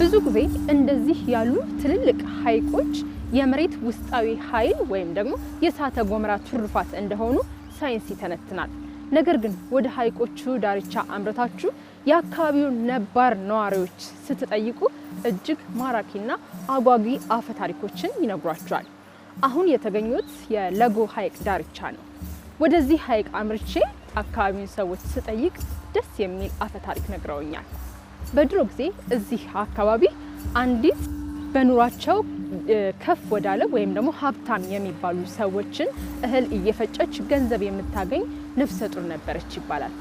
ብዙ ጊዜ እንደዚህ ያሉ ትልልቅ ሐይቆች የመሬት ውስጣዊ ኃይል ወይም ደግሞ የእሳተ ጎመራ ትሩፋት እንደሆኑ ሳይንስ ይተነትናል። ነገር ግን ወደ ሐይቆቹ ዳርቻ አምርታችሁ የአካባቢው ነባር ነዋሪዎች ስትጠይቁ እጅግ ማራኪና አጓጊ አፈ ታሪኮችን ይነግሯቸዋል። አሁን የተገኙት የለጎ ሐይቅ ዳርቻ ነው። ወደዚህ ሐይቅ አምርቼ አካባቢውን ሰዎች ስጠይቅ ደስ የሚል አፈ ታሪክ ነግረውኛል። በድሮ ጊዜ እዚህ አካባቢ አንዲት በኑሯቸው ከፍ ወዳለ ወይም ደግሞ ሀብታም የሚባሉ ሰዎችን እህል እየፈጨች ገንዘብ የምታገኝ ነፍሰ ጡር ነበረች ይባላል።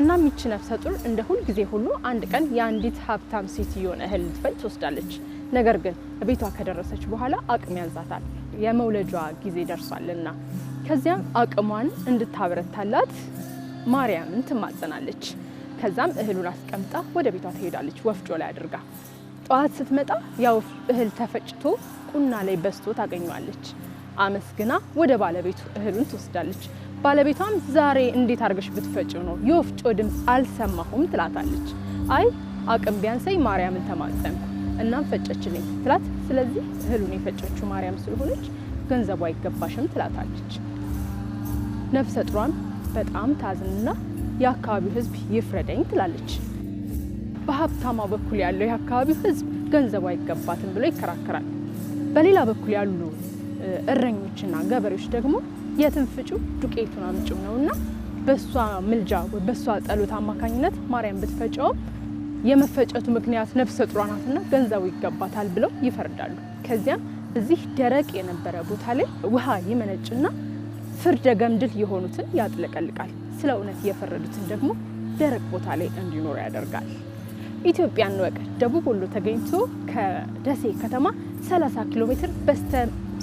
እናም ይቺ ነፍሰ ጡር እንደ ሁል ጊዜ ሁሉ አንድ ቀን የአንዲት ሀብታም ሴትዮን እህል ልትፈጭ ትወስዳለች። ነገር ግን ቤቷ ከደረሰች በኋላ አቅም ያንዛታል የመውለጇ ጊዜ ደርሷልና። ከዚያም አቅሟን እንድታበረታላት ማርያምን ትማጸናለች። ከዛም እህሉን አስቀምጣ ወደ ቤቷ ትሄዳለች ወፍጮ ላይ አድርጋ ጠዋት ስትመጣ ያው እህል ተፈጭቶ ቁና ላይ በስቶ ታገኘዋለች። አመስግና ወደ ባለቤቱ እህሉን ትወስዳለች። ባለቤቷም ዛሬ እንዴት አድርገሽ ብትፈጭው ነው የወፍጮ ድምፅ አልሰማሁም ትላታለች። አይ አቅም ቢያንሰኝ ማርያምን ተማጸንኩ እናም ፈጨችልኝ ትላት። ስለዚህ እህሉን የፈጨችው ማርያም ስለሆነች ገንዘቡ አይገባሽም ትላታለች። ነፍሰ ጥሯን በጣም ታዝንና የአካባቢው ሕዝብ ይፍረደኝ ትላለች። በሀብታማ በኩል ያለው የአካባቢው ህዝብ ገንዘቡ አይገባትም ብሎ ይከራከራል። በሌላ በኩል ያሉ እረኞችና ገበሬዎች ደግሞ የትን ፍጩ ዱቄቱን አምጪው ነውና በእሷ ምልጃ ወይ በእሷ ጸሎት አማካኝነት ማርያም ብትፈጨውም የመፈጨቱ ምክንያት ነፍሰ ጡሯ ናትና ገንዘቡ ይገባታል ብለው ይፈርዳሉ። ከዚያም እዚህ ደረቅ የነበረ ቦታ ላይ ውሃ ይመነጭና ፍርደ ገምድል የሆኑትን ያጥለቀልቃል። ስለ እውነት የፈረዱትን ደግሞ ደረቅ ቦታ ላይ እንዲኖር ያደርጋል። ኢትዮጵያን ወቅ ደቡብ ወሎ ተገኝቶ ከደሴ ከተማ 30 ኪሎ ሜትር በስተ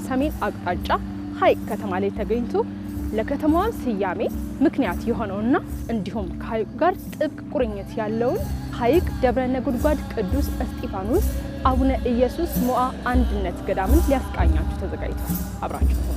ሰሜን አቅጣጫ ሀይቅ ከተማ ላይ ተገኝቶ ለከተማዋ ስያሜ ምክንያት የሆነውና እንዲሁም ከሀይቁ ጋር ጥብቅ ቁርኝት ያለውን ሀይቅ ደብረ ነጎድጓድ ቅዱስ እስጢፋኖስ አቡነ ኢየሱስ መዋ አንድነት ገዳምን ሊያስቃኛችሁ ተዘጋጅቷል። አብራችሁ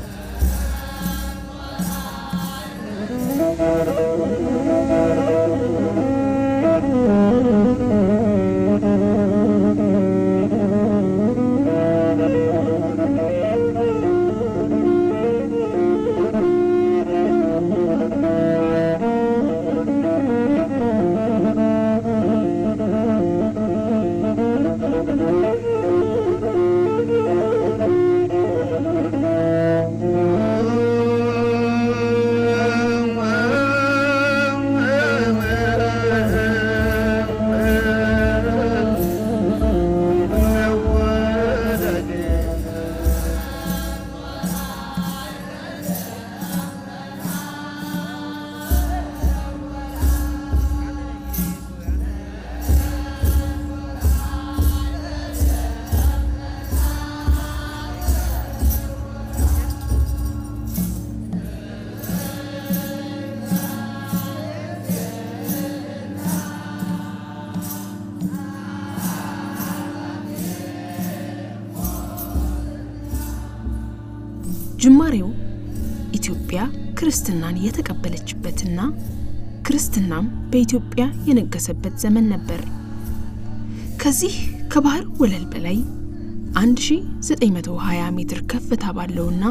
ክርስትናን የተቀበለችበትና ክርስትናም በኢትዮጵያ የነገሰበት ዘመን ነበር። ከዚህ ከባህር ወለል በላይ 1920 ሜትር ከፍታ ባለውና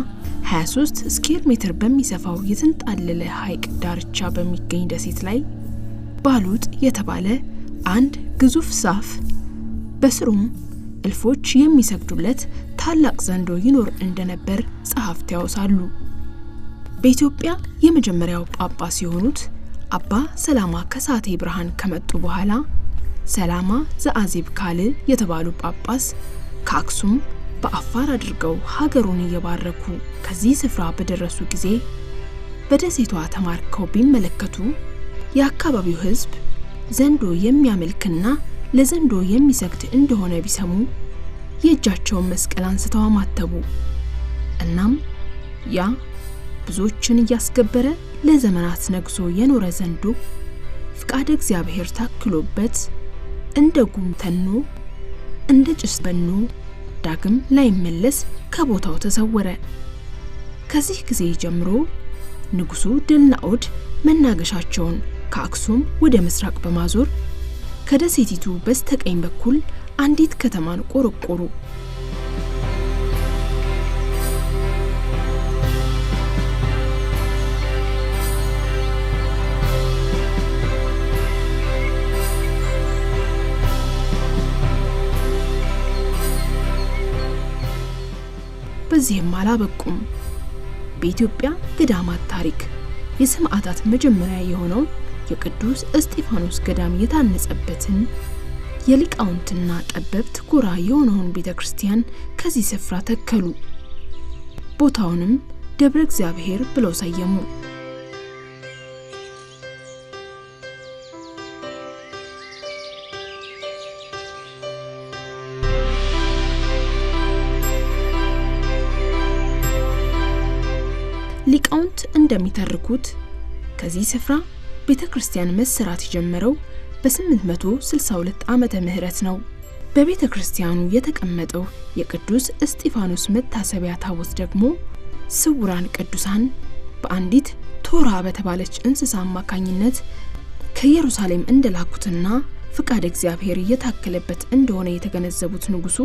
23 ስኬር ሜትር በሚሰፋው የተንጣለለ ሐይቅ ዳርቻ በሚገኝ ደሴት ላይ ባሉጥ የተባለ አንድ ግዙፍ ዛፍ በስሩም እልፎች የሚሰግዱለት ታላቅ ዘንዶ ይኖር እንደነበር ጸሐፍት ያውሳሉ። በኢትዮጵያ የመጀመሪያው ጳጳስ የሆኑት አባ ሰላማ ከሳቴ ብርሃን ከመጡ በኋላ ሰላማ ዘአዜብ ካል የተባሉ ጳጳስ ከአክሱም በአፋር አድርገው ሀገሩን እየባረኩ ከዚህ ስፍራ በደረሱ ጊዜ በደሴቷ ተማርከው ቢመለከቱ የአካባቢው ሕዝብ ዘንዶ የሚያመልክና ለዘንዶ የሚሰግድ እንደሆነ ቢሰሙ የእጃቸውን መስቀል አንስተው አማተቡ። እናም ያ ብዙዎችን እያስገበረ ለዘመናት ነግሶ የኖረ ዘንዶ ፍቃደ እግዚአብሔር ታክሎበት እንደ ጉም ተኖ እንደ ጭስ በኖ ዳግም ላይመለስ ከቦታው ተሰወረ። ከዚህ ጊዜ ጀምሮ ንጉሱ ድልናኦድ መናገሻቸውን ከአክሱም ወደ ምስራቅ በማዞር ከደሴቲቱ በስተቀኝ በኩል አንዲት ከተማን ቆረቆሩ። በዚህም አላበቁም። በኢትዮጵያ ገዳማት ታሪክ የሰማዕታት መጀመሪያ የሆነው የቅዱስ እስጢፋኖስ ገዳም የታነጸበትን የሊቃውንትና ጠበብት ጎራ የሆነውን ቤተ ክርስቲያን ከዚህ ስፍራ ተከሉ። ቦታውንም ደብረ እግዚአብሔር ብለው ሰየሙ። ሊቃውንት እንደሚተርኩት ከዚህ ስፍራ ቤተ ክርስቲያን መሰራት የጀመረው በ862 ዓመተ ምህረት ነው። በቤተ ክርስቲያኑ የተቀመጠው የቅዱስ እስጢፋኖስ መታሰቢያ ታቦት ደግሞ ስውራን ቅዱሳን በአንዲት ቶራ በተባለች እንስሳ አማካኝነት ከኢየሩሳሌም እንደላኩትና ፍቃድ እግዚአብሔር እየታከለበት እንደሆነ የተገነዘቡት ንጉሱ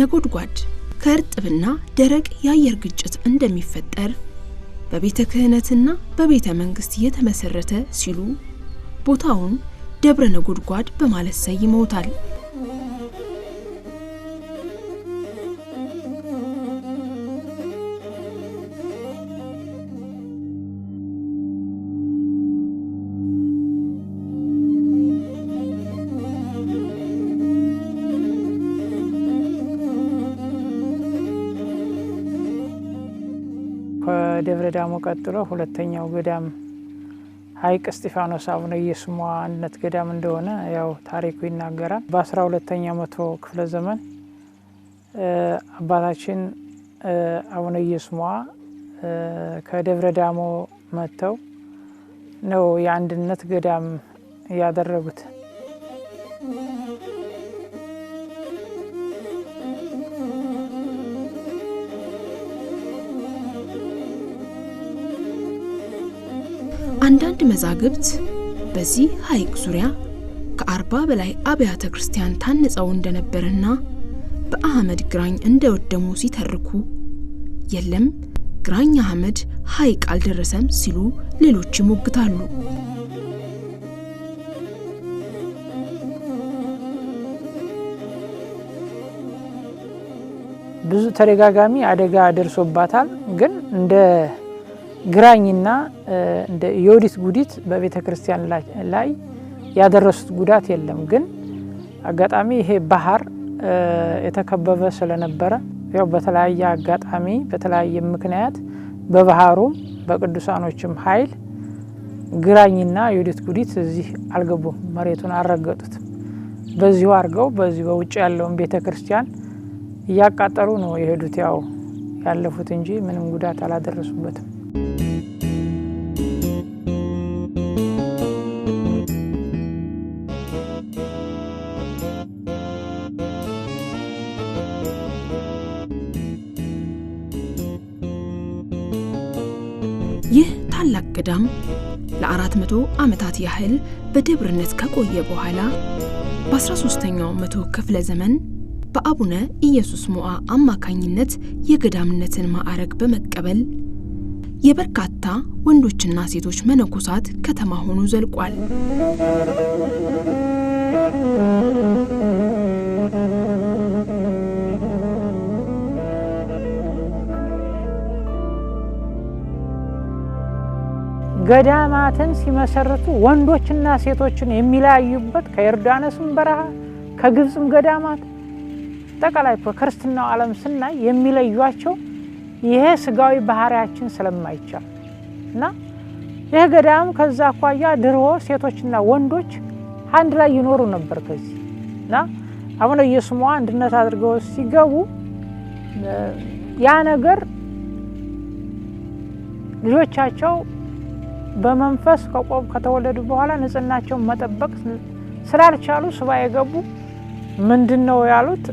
ነጎድጓድ ከእርጥብና ደረቅ የአየር ግጭት እንደሚፈጠር በቤተ ክህነትና በቤተ መንግስት እየተመሰረተ ሲሉ ቦታውን ደብረ ነጎድጓድ በማለት ሰይመውታል። ገዳሙ ቀጥሎ ሁለተኛው ገዳም ሀይቅ እስጢፋኖስ አቡነ የስሟ አንድነት ገዳም እንደሆነ ያው ታሪኩ ይናገራል። በአስራ ሁለተኛ መቶ ክፍለ ዘመን አባታችን አቡነ የስሟ ከደብረ ዳሞ መጥተው ነው የአንድነት ገዳም ያደረጉት። አንዳንድ መዛግብት በዚህ ሐይቅ ዙሪያ ከአርባ በላይ አብያተ ክርስቲያን ታንጸው እንደነበርና በአህመድ ግራኝ እንደወደሙ ሲተርኩ፣ የለም ግራኝ አህመድ ሐይቅ አልደረሰም ሲሉ ሌሎች ይሞግታሉ። ብዙ ተደጋጋሚ አደጋ ደርሶባታል ግን እንደ ግራኝና እንደ ዮዲት ጉዲት በቤተ ክርስቲያን ላይ ያደረሱት ጉዳት የለም። ግን አጋጣሚ ይሄ ባህር የተከበበ ስለነበረ ያው በተለያየ አጋጣሚ በተለያየ ምክንያት በባህሩም በቅዱሳኖችም ኃይል ግራኝና ዮዲት ጉዲት እዚህ አልገቡም፣ መሬቱን አልረገጡት። በዚሁ አድርገው በዚሁ በውጭ ያለውን ቤተ ክርስቲያን እያቃጠሉ ነው የሄዱት። ያው ያለፉት እንጂ ምንም ጉዳት አላደረሱበትም። ወረዳም ለአራት መቶ ዓመታት ያህል በደብርነት ከቆየ በኋላ በ13ኛው መቶ ክፍለ ዘመን በአቡነ ኢየሱስ ሞዓ አማካኝነት የገዳምነትን ማዕረግ በመቀበል የበርካታ ወንዶችና ሴቶች መነኮሳት ከተማ ሆኖ ዘልቋል። ገዳማትን ሲመሰርቱ ወንዶችና ሴቶችን የሚለያዩበት ከዮርዳኖስም በረሃ ከግብፅም ገዳማት አጠቃላይ በክርስትናው ዓለም ስናይ የሚለዩቸው ይሄ ስጋዊ ባህሪያችን ስለማይቻል እና ይህ ገዳም ከዛ አኳያ ድሮ ሴቶችና ወንዶች አንድ ላይ ይኖሩ ነበር። ከዚህ እና አቡነ ኢየሱስ አንድነት አድርገው ሲገቡ ያ ነገር ልጆቻቸው በመንፈስ ከቆብ ከተወለዱ በኋላ ንጽህናቸውን መጠበቅ ስላልቻሉ ሱባ የገቡ ምንድን ነው ያሉት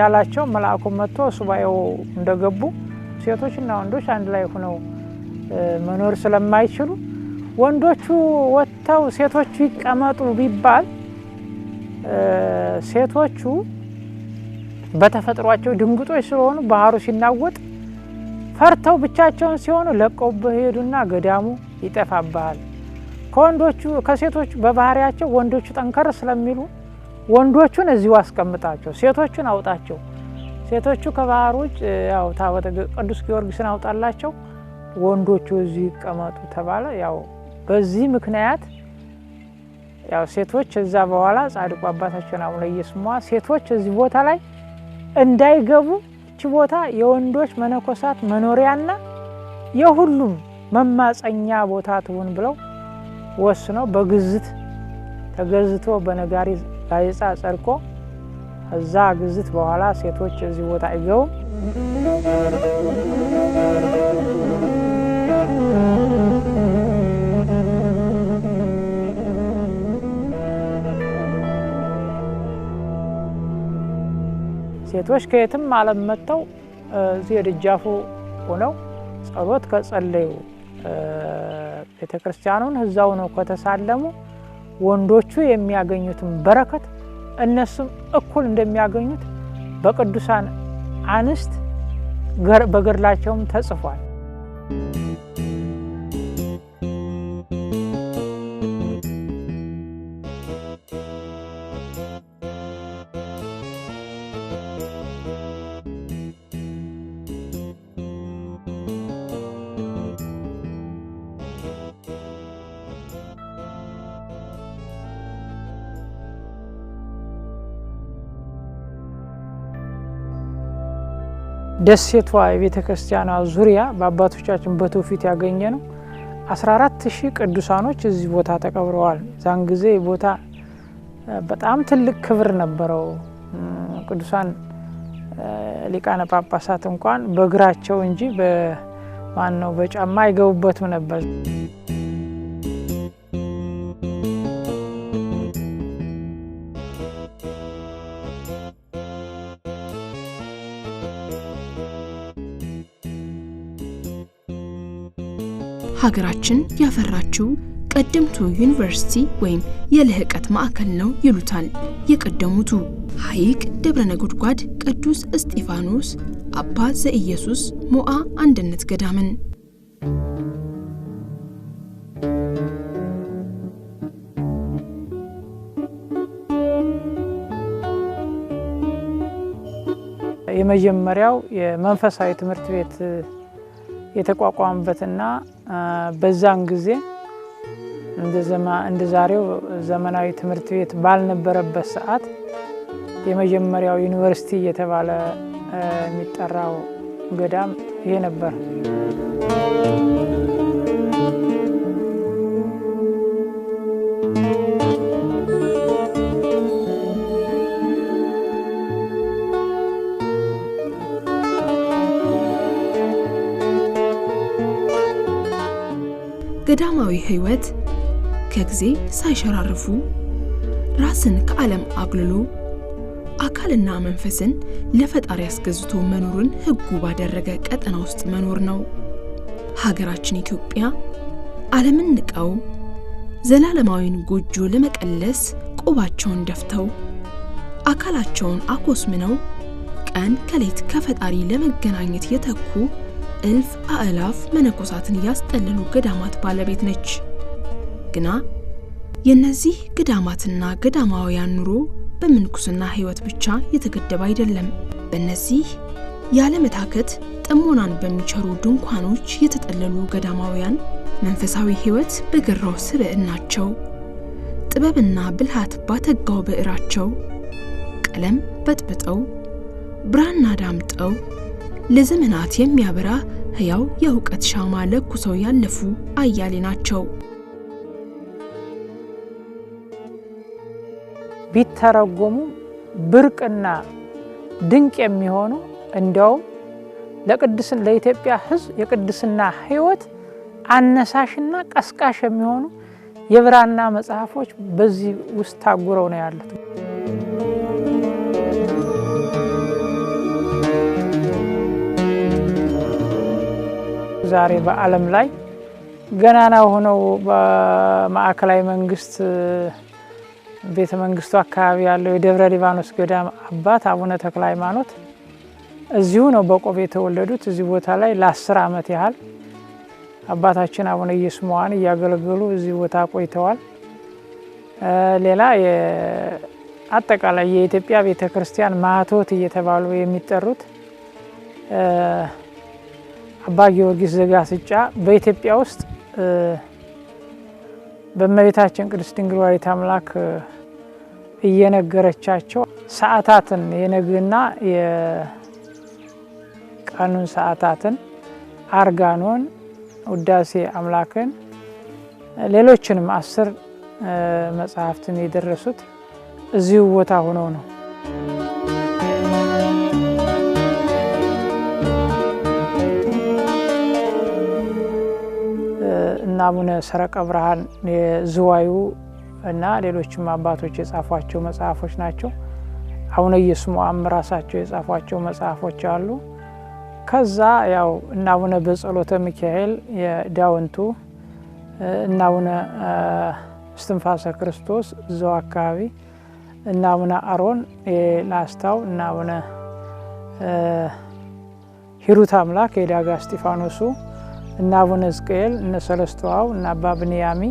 ያላቸው መልአኩ መጥቶ ሱባኤው እንደገቡ ሴቶችና ወንዶች አንድ ላይ ሆነው መኖር ስለማይችሉ ወንዶቹ ወጥተው ሴቶቹ ይቀመጡ ቢባል ሴቶቹ በተፈጥሯቸው ድንግጦች ስለሆኑ ባህሩ ሲናወጥ ፈርተው ብቻቸውን ሲሆኑ ለቀው በሄዱና ገዳሙ ይጠፋብሃል። ከወንዶቹ ከሴቶቹ በባህሪያቸው ወንዶቹ ጠንከር ስለሚሉ ወንዶቹን እዚሁ አስቀምጣቸው፣ ሴቶቹን አውጣቸው። ሴቶቹ ከባህር ውጭ ያው ታቦተ ቅዱስ ጊዮርጊስን አውጣላቸው፣ ወንዶቹ እዚሁ ይቀመጡ ተባለ። ያው በዚህ ምክንያት ያው ሴቶች እዛ በኋላ ጻድቁ አባታቸውን አቡነ እየስማ ሴቶች እዚህ ቦታ ላይ እንዳይገቡ እቺ ቦታ የወንዶች መነኮሳት መኖሪያና የሁሉም መማፀኛ ቦታ ትሁን ብለው ወስነው በግዝት ተገዝቶ በነጋሪት ጋዜጣ ጸድቆ እዛ ግዝት በኋላ ሴቶች እዚህ ቦታ አይገቡም ሴቶች ከየትም ዓለም መጥተው እዚህ የደጃፉ ሆነው ጸሎት ከጸለዩ ቤተ ክርስቲያኑን እዛው ነው ከተሳለሙ ወንዶቹ የሚያገኙትን በረከት እነሱም እኩል እንደሚያገኙት በቅዱሳን አንስት በገድላቸውም ተጽፏል። ደሴቷ የቤተ ክርስቲያኗ ዙሪያ በአባቶቻችን በትውፊት ያገኘ ነው። 14 ሺህ ቅዱሳኖች እዚህ ቦታ ተቀብረዋል። ዛን ጊዜ ቦታ በጣም ትልቅ ክብር ነበረው። ቅዱሳን ሊቃነ ጳጳሳት እንኳን በእግራቸው እንጂ በማን ነው በጫማ አይገቡበትም ነበር። ሀገራችን ያፈራችው ቀደምቱ ዩኒቨርሲቲ ወይም የልህቀት ማዕከል ነው ይሉታል የቀደሙቱ። ሐይቅ ደብረ ነጎድጓድ ቅዱስ እስጢፋኖስ አባ ዘኢየሱስ ሞዓ አንድነት ገዳምን የመጀመሪያው የመንፈሳዊ ትምህርት ቤት የተቋቋመበትና በዛን ጊዜ እንደ ዛሬው ዘመናዊ ትምህርት ቤት ባልነበረበት ሰዓት የመጀመሪያው ዩኒቨርሲቲ እየተባለ የሚጠራው ገዳም ይሄ ነበር። ገዳማዊ ሕይወት ከጊዜ ሳይሸራርፉ ራስን ከዓለም አግልሎ አካልና መንፈስን ለፈጣሪ አስገዝቶ መኖርን ሕጉ ባደረገ ቀጠና ውስጥ መኖር ነው። ሀገራችን ኢትዮጵያ ዓለምን ንቀው ዘላለማዊን ጎጆ ለመቀለስ ቆባቸውን ደፍተው አካላቸውን አኮስምነው ቀን ከሌት ከፈጣሪ ለመገናኘት የተኩ እልፍ አእላፍ መነኮሳትን ያስጠለሉ ገዳማት ባለቤት ነች። ግና የእነዚህ ገዳማትና ገዳማውያን ኑሮ በምንኩስና ሕይወት ብቻ የተገደበ አይደለም። በእነዚህ ያለመታከት ጥሞናን በሚቸሩ ድንኳኖች የተጠለሉ ገዳማውያን መንፈሳዊ ሕይወት በገራው ስብዕናቸው፣ ጥበብና ብልሃት ባተጋው ብዕራቸው ቀለም በጥብጠው ብራና ዳምጠው ለዘመናት የሚያበራ ሕያው የእውቀት ሻማ ለኩሰው ያለፉ አያሌ ናቸው። ቢተረጎሙ ብርቅና ድንቅ የሚሆኑ እንዲያውም ለኢትዮጵያ ሕዝብ የቅድስና ሕይወት አነሳሽና ቀስቃሽ የሚሆኑ የብራና መጽሐፎች በዚህ ውስጥ ታጉረው ነው ያሉት። ዛሬ በዓለም ላይ ገናና ሆነው በማዕከላዊ መንግስት ቤተ መንግስቱ አካባቢ ያለው የደብረ ሊባኖስ ገዳም አባት አቡነ ተክለ ሃይማኖት እዚሁ ነው በቆቤ የተወለዱት። እዚህ ቦታ ላይ ለአስር ዓመት ያህል አባታችን አቡነ መዋን እያገለገሉ እዚህ ቦታ ቆይተዋል። ሌላ አጠቃላይ የኢትዮጵያ ቤተ ክርስቲያን ማህቶት እየተባሉ የሚጠሩት አባ ጊዮርጊስ ዘጋስጫ በኢትዮጵያ ውስጥ በእመቤታችን ቅድስት ድንግል ወላዲተ አምላክ እየነገረቻቸው ሰዓታትን የነግና የቀኑን ሰዓታትን አርጋኖን፣ ውዳሴ አምላክን፣ ሌሎችንም አስር መጽሐፍትን የደረሱት እዚሁ ቦታ ሆነው ነው። እና አቡነ ሰረቀ ብርሃን የዝዋዩ እና ሌሎችም አባቶች የጻፏቸው መጽሐፎች ናቸው። አቡነ ኢየስሙዓም ራሳቸው የጻፏቸው መጽሐፎች አሉ። ከዛ ያው እና አቡነ በጸሎተ ሚካኤል የዳውንቱ እና አቡነ እስትንፋሰ ክርስቶስ እዛው አካባቢ እና አቡነ አሮን የላስታው እና አቡነ ሂሩት አምላክ የዳጋ እስጢፋኖሱ እነ አቡነ ሕዝቅኤል እነ ሰለስቱ እና እነ አባ ብንያሚ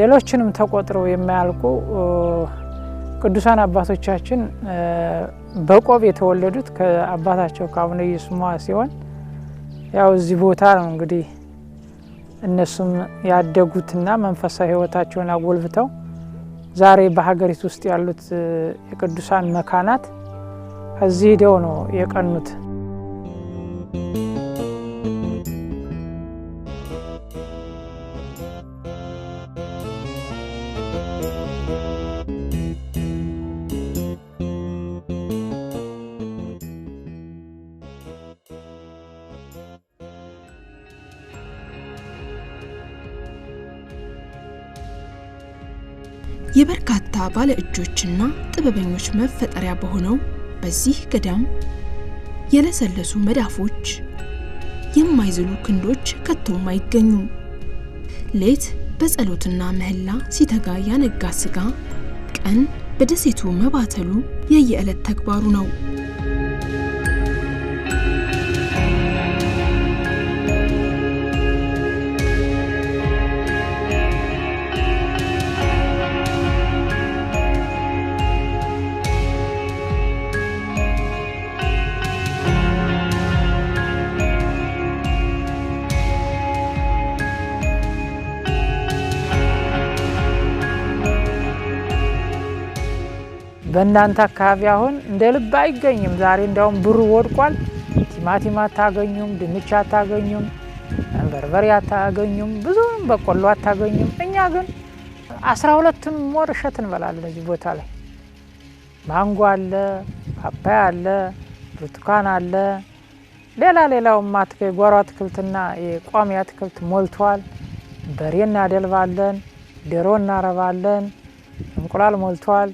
ሌሎችንም ተቆጥረው የማያልቁ ቅዱሳን አባቶቻችን በቆብ የተወለዱት ከአባታቸው ከአቡነ ኢየሱስማ ሲሆን ያው እዚህ ቦታ ነው እንግዲህ እነሱም ያደጉትና መንፈሳዊ ሕይወታቸውን አጎልብተው ዛሬ በሀገሪቱ ውስጥ ያሉት የቅዱሳን መካናት ከዚህ ሂደው ነው የቀኑት። የበርካታ ባለ እጆችና ጥበበኞች መፈጠሪያ በሆነው በዚህ ገዳም የለሰለሱ መዳፎች፣ የማይዝሉ ክንዶች ከቶም አይገኙም። ሌት በጸሎትና ምህላ ሲተጋ ያነጋ ስጋ፣ ቀን በደሴቱ መባተሉ የየዕለት ተግባሩ ነው። በእናንተ አካባቢ አሁን እንደ ልብ አይገኝም። ዛሬ እንዲያውም ብሩ ወድቋል። ቲማቲም አታገኙም፣ ድንች አታገኙም፣ በርበሬ አታገኙም፣ ብዙም በቆሎ አታገኙም። እኛ ግን አስራ ሁለቱን ወር እሸት እንበላለን። እዚህ ቦታ ላይ ማንጎ አለ፣ ፓፓያ አለ፣ ብርቱካን አለ፣ ሌላ ሌላውም የጓሮ አትክልትና የቋሚ አትክልት ሞልቷል። በሬ እናደልባለን፣ ዶሮ እናረባለን፣ እንቁላል ሞልቷል።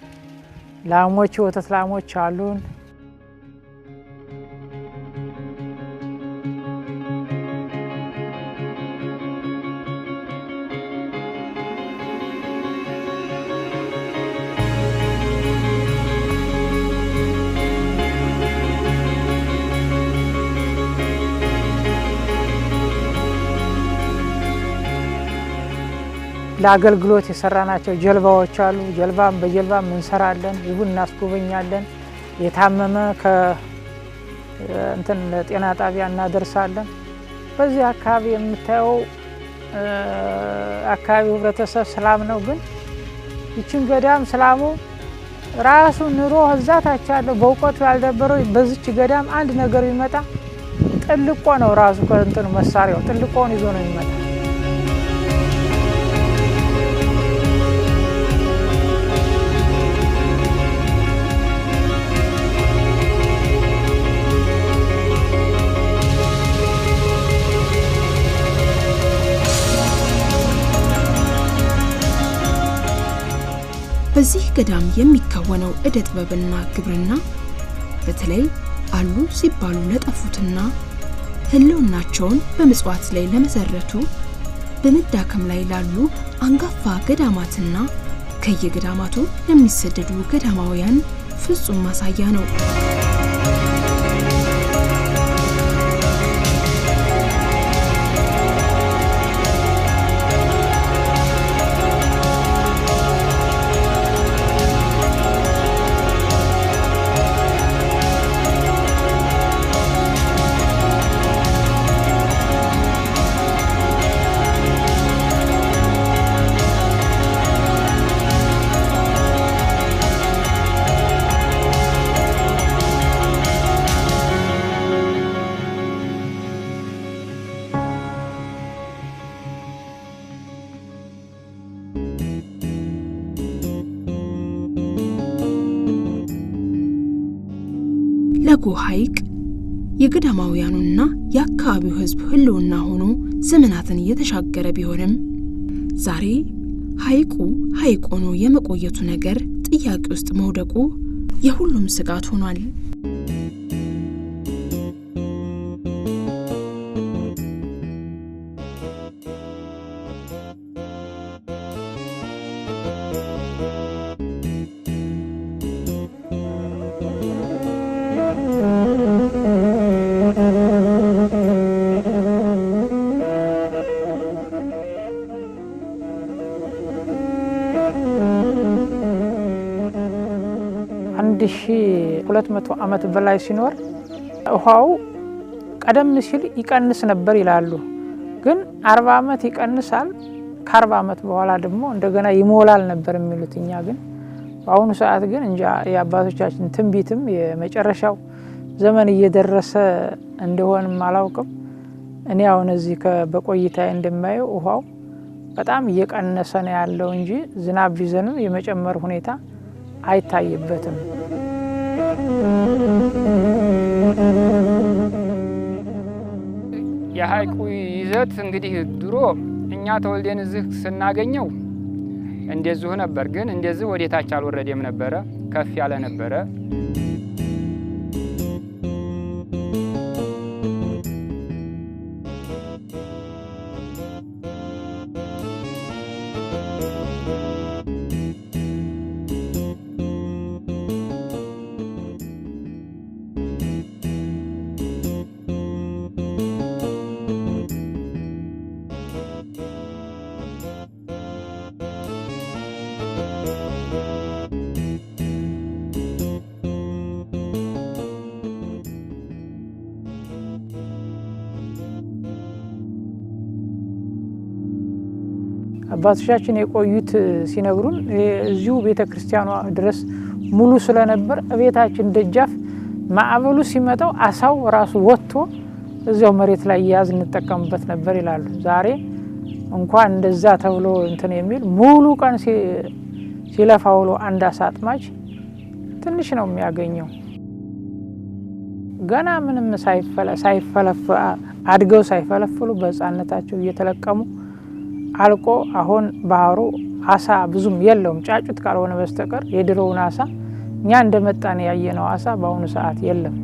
ላሞች ወተት ላሞች አሉን። ለአገልግሎት የሰራናቸው ጀልባዎች አሉ። ጀልባም በጀልባም እንሰራለን፣ ይሁን እናስጎበኛለን። የታመመ ከእንትን ለጤና ጣቢያ እናደርሳለን። በዚህ አካባቢ የምታየው አካባቢ ህብረተሰብ ሰላም ነው። ግን ይችን ገዳም ሰላሙ ራሱ ኑሮ እዛታች ያለው በእውቀቱ ያልደበረው በዚች ገዳም አንድ ነገር ቢመጣ ጥልቆ ነው ራሱ ከእንትኑ መሳሪያው ጥልቆውን ይዞ ነው የሚመጣ በገዳም የሚከወነው ዕደ ጥበብና ግብርና በተለይ አሉ ሲባሉ ለጠፉትና ህልውናቸውን በምጽዋት ላይ ለመሰረቱ በመዳከም ላይ ላሉ አንጋፋ ገዳማትና ከየገዳማቱ ለሚሰደዱ ገዳማውያን ፍጹም ማሳያ ነው። ሐይቅ የገዳማውያኑና የአካባቢው ሕዝብ ህልውና ሆኖ ዘመናትን እየተሻገረ ቢሆንም ዛሬ ሐይቁ ሐይቅ ሆኖ የመቆየቱ ነገር ጥያቄ ውስጥ መውደቁ የሁሉም ስጋት ሆኗል። ከአንድ ሺ ሁለት መቶ ዓመት በላይ ሲኖር ውሃው ቀደም ሲል ይቀንስ ነበር ይላሉ። ግን አርባ ዓመት ይቀንሳል ከአርባ ዓመት በኋላ ደግሞ እንደገና ይሞላል ነበር የሚሉት። እኛ ግን በአሁኑ ሰዓት ግን እንጃ የአባቶቻችን ትንቢትም የመጨረሻው ዘመን እየደረሰ እንደሆንም አላውቅም። እኔ አሁን እዚህ በቆይታ እንደማየው ውሃው በጣም እየቀነሰ ነው ያለው እንጂ ዝናብ ቢዘንም የመጨመር ሁኔታ አይታይበትም። የሀይቁ ይዘት እንግዲህ ድሮ እኛ ተወልደን እዚህ ስናገኘው እንደዚሁ ነበር፣ ግን እንደዚህ ወደታች አልወረደም ነበረ፣ ከፍ ያለ ነበረ። አባቶቻችን የቆዩት ሲነግሩን እዚሁ ቤተ ክርስቲያኗ ድረስ ሙሉ ስለነበር እቤታችን ደጃፍ ማዕበሉ ሲመጣው አሳው ራሱ ወጥቶ እዚያው መሬት ላይ እያያዝ እንጠቀምበት ነበር ይላሉ። ዛሬ እንኳን እንደዛ ተብሎ እንትን የሚል ሙሉ ቀን ሲለፋ ውሎ አንድ አሳ አጥማጅ ትንሽ ነው የሚያገኘው። ገና ምንም ሳይፈለፍ አድገው ሳይፈለፍሉ በህፃነታቸው እየተለቀሙ አልቆ አሁን ባህሩ አሳ ብዙም የለውም፣ ጫጩት ካልሆነ በስተቀር የድሮውን አሳ እኛ እንደመጣን ያየነው አሳ በአሁኑ ሰዓት የለም።